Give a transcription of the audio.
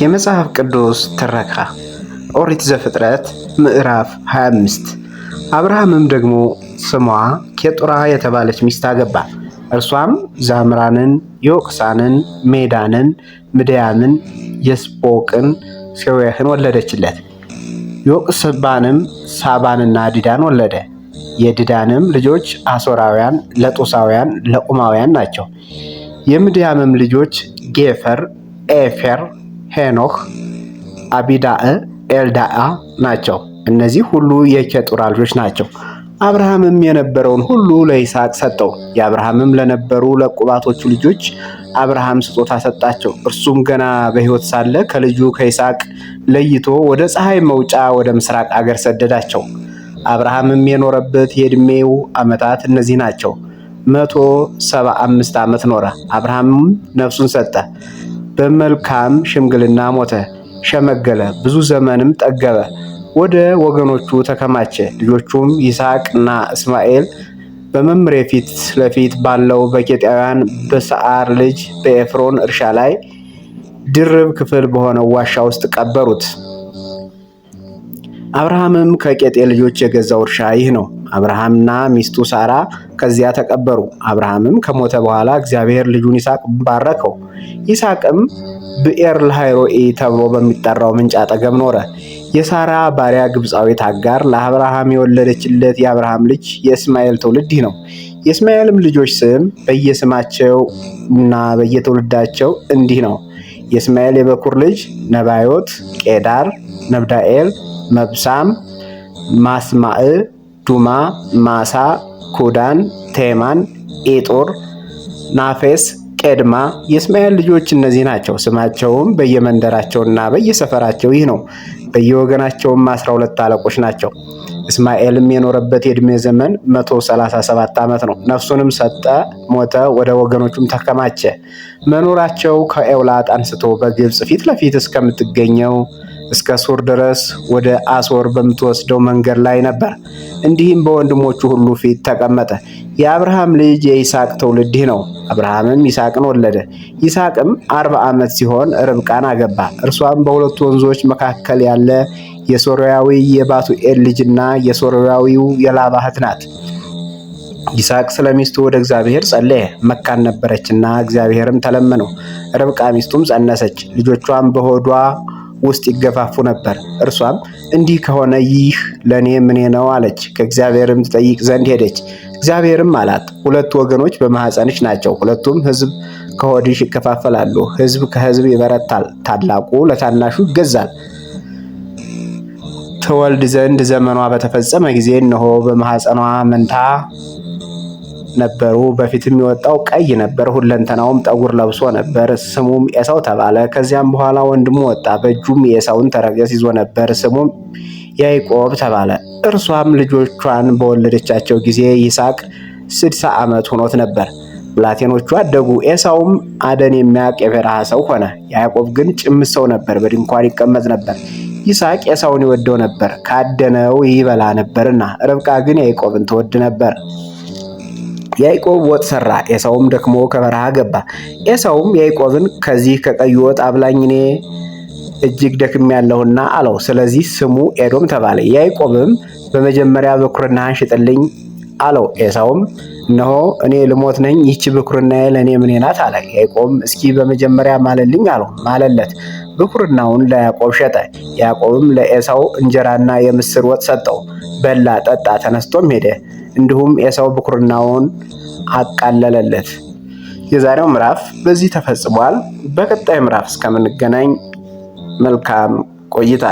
የመጽሐፍ ቅዱስ ትረካ ኦሪት ዘፍጥረት ምዕራፍ 25 አብርሃምም ደግሞ ስሟ ኬጡራ የተባለች ሚስት አገባ። እርሷም ዛምራንን፣ ዮቅሳንን፣ ሜዳንን፣ ምድያምን፣ የስቦቅን፣ ሴዌህን ወለደችለት። ዮቅስባንም ሳባንና ዲዳን ወለደ። የድዳንም ልጆች አሶራውያን፣ ለጡሳውያን ለቁማውያን ናቸው። የምድያምም ልጆች ጌፈር፣ ኤፌር፣ ሄኖህ፣ አቢዳእ፣ ኤልዳአ ናቸው። እነዚህ ሁሉ የኬጡራ ልጆች ናቸው። አብርሃምም የነበረውን ሁሉ ለይስሐቅ ሰጠው። የአብርሃምም ለነበሩ ለቁባቶቹ ልጆች አብርሃም ስጦታ ሰጣቸው። እርሱም ገና በሕይወት ሳለ ከልጁ ከይስሐቅ ለይቶ ወደ ፀሐይ መውጫ ወደ ምስራቅ አገር ሰደዳቸው። አብርሃምም የኖረበት የዕድሜው ዓመታት እነዚህ ናቸው። መቶ ሰባ አምስት ዓመት ኖረ። አብርሃምም ነፍሱን ሰጠ። በመልካም ሽምግልና ሞተ፣ ሸመገለ፣ ብዙ ዘመንም ጠገበ። ወደ ወገኖቹ ተከማቸ። ልጆቹም ይስሐቅና እስማኤል በመምሬ ፊት ለፊት ባለው በኬጣውያን በሰዓር ልጅ በኤፍሮን እርሻ ላይ ድርብ ክፍል በሆነው ዋሻ ውስጥ ቀበሩት። አብርሃምም ከቄጤ ልጆች የገዛው እርሻ ይህ ነው። አብርሃምና ሚስቱ ሳራ ከዚያ ተቀበሩ። አብርሃምም ከሞተ በኋላ እግዚአብሔር ልጁን ይስሐቅ ባረከው። ይስሐቅም ብኤር ለሃይሮኢ ተብሎ በሚጠራው ምንጭ አጠገብ ኖረ። የሳራ ባሪያ ግብፃዊት አጋር ለአብርሃም የወለደችለት የአብርሃም ልጅ የእስማኤል ትውልድ ይህ ነው። የእስማኤልም ልጆች ስም በየስማቸው እና በየትውልዳቸው እንዲህ ነው። የእስማኤል የበኩር ልጅ ነባዮት፣ ቄዳር፣ ነብዳኤል መብሳም፣ ማስማዕ፣ ዱማ፣ ማሳ፣ ኩዳን፣ ቴማን፣ ኤጦር፣ ናፌስ፣ ቄድማ የእስማኤል ልጆች እነዚህ ናቸው። ስማቸውም በየመንደራቸውና በየሰፈራቸው ይህ ነው። በየወገናቸውም አስራ ሁለት አለቆች ናቸው። እስማኤልም የኖረበት የዕድሜ ዘመን 137 ዓመት ነው። ነፍሱንም ሰጠ፣ ሞተ፣ ወደ ወገኖቹም ተከማቸ። መኖራቸው ከኤውላጥ አንስቶ በግብፅ ፊት ለፊት እስከምትገኘው እስከ ሱር ድረስ ወደ አሶር በምትወስደው መንገድ ላይ ነበር። እንዲህም በወንድሞቹ ሁሉ ፊት ተቀመጠ። የአብርሃም ልጅ የይስሐቅ ትውልድ ይህ ነው። አብርሃምም ይስሐቅን ወለደ። ይስሐቅም አርባ ዓመት ሲሆን ርብቃን አገባ። እርሷም በሁለቱ ወንዞች መካከል ያለ የሶርያዊ የባቱኤል ልጅና የሶርያዊው የላባህት ናት። ይስሐቅ ስለ ሚስቱ ወደ እግዚአብሔር ጸለየ። መካን ነበረችና እግዚአብሔርም ተለመነው። ርብቃ ሚስቱም ጸነሰች። ልጆቿም በሆዷ ውስጥ ይገፋፉ ነበር። እርሷም እንዲህ ከሆነ ይህ ለእኔ ምኔ ነው አለች። ከእግዚአብሔርም ትጠይቅ ዘንድ ሄደች። እግዚአብሔርም አላት፣ ሁለት ወገኖች በማኅፀንሽ ናቸው፣ ሁለቱም ሕዝብ ከሆድሽ ይከፋፈላሉ። ሕዝብ ከሕዝብ ይበረታል፣ ታላቁ ለታናሹ ይገዛል። ትወልድ ዘንድ ዘመኗ በተፈጸመ ጊዜ እነሆ በማኅፀኗ መንታ ነበሩ። በፊት የሚወጣው ቀይ ነበር፣ ሁለንተናውም ጠጉር ለብሶ ነበር። ስሙም ኤሳው ተባለ። ከዚያም በኋላ ወንድሙ ወጣ፣ በእጁም የኤሳውን ተረገስ ይዞ ነበር። ስሙም ያዕቆብ ተባለ። እርሷም ልጆቿን በወለደቻቸው ጊዜ ይስሐቅ ስድሳ ዓመት ሆኖት ነበር። ብላቴኖቹ አደጉ። ኤሳውም አደን የሚያውቅ የበረሃ ሰው ሆነ። ያዕቆብ ግን ጭምት ሰው ነበር፣ በድንኳን ይቀመጥ ነበር። ይስሐቅ ኤሳውን ይወደው ነበር፣ ካደነው ይበላ ነበርና። ርብቃ ግን ያዕቆብን ትወድ ነበር። ያዕቆብ ወጥ ሰራ፣ ኤሳውም ደክሞ ከበረሃ ገባ። ኤሳውም ያዕቆብን ከዚህ ከቀዩ ወጥ አብላኝ፣ እኔ እጅግ ደክም ያለሁና አለው። ስለዚህ ስሙ ኤዶም ተባለ። ያዕቆብም በመጀመሪያ ብኩርናህን ሽጥልኝ አለው። ኤሳውም እነሆ እኔ ልሞት ነኝ፣ ይህች ብኩርናዬ ለእኔ ምኔ ናት አለ። ያዕቆብም እስኪ በመጀመሪያ ማለልኝ አለው። ማለለት። ብኩርናውን ለያዕቆብ ሸጠ። ያዕቆብም ለኤሳው እንጀራና የምስር ወጥ ሰጠው። በላ፣ ጠጣ፣ ተነስቶም ሄደ። እንዲሁም ኤሳው ብኩርናውን አቃለለለት። የዛሬው ምዕራፍ በዚህ ተፈጽሟል። በቀጣይ ምዕራፍ እስከምንገናኝ መልካም ቆይታ